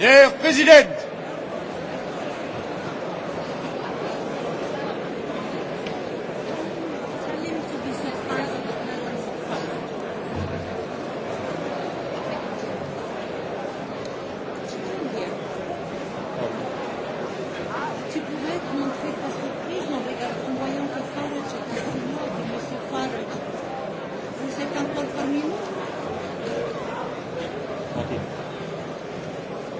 Herr Präsident!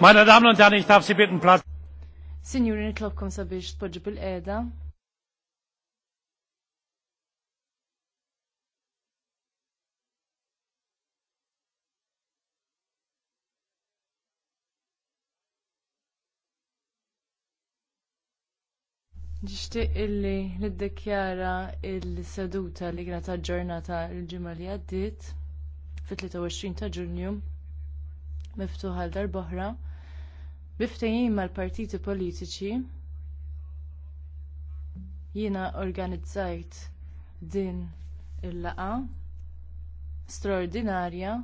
Meine Damen und Herren, ich darf Sie bitten, Platz. Signori, nitlobkom sabiex tpoġġu bil-qeda. Ġishtiq illi niddekjara il-seduta li għana ġurnata il-ġimma li għaddit fit-23 ta' ġunju miftuħa għal darboħra biftejjim mal-partiti politiċi jiena organizzajt din il laqgħa straordinarja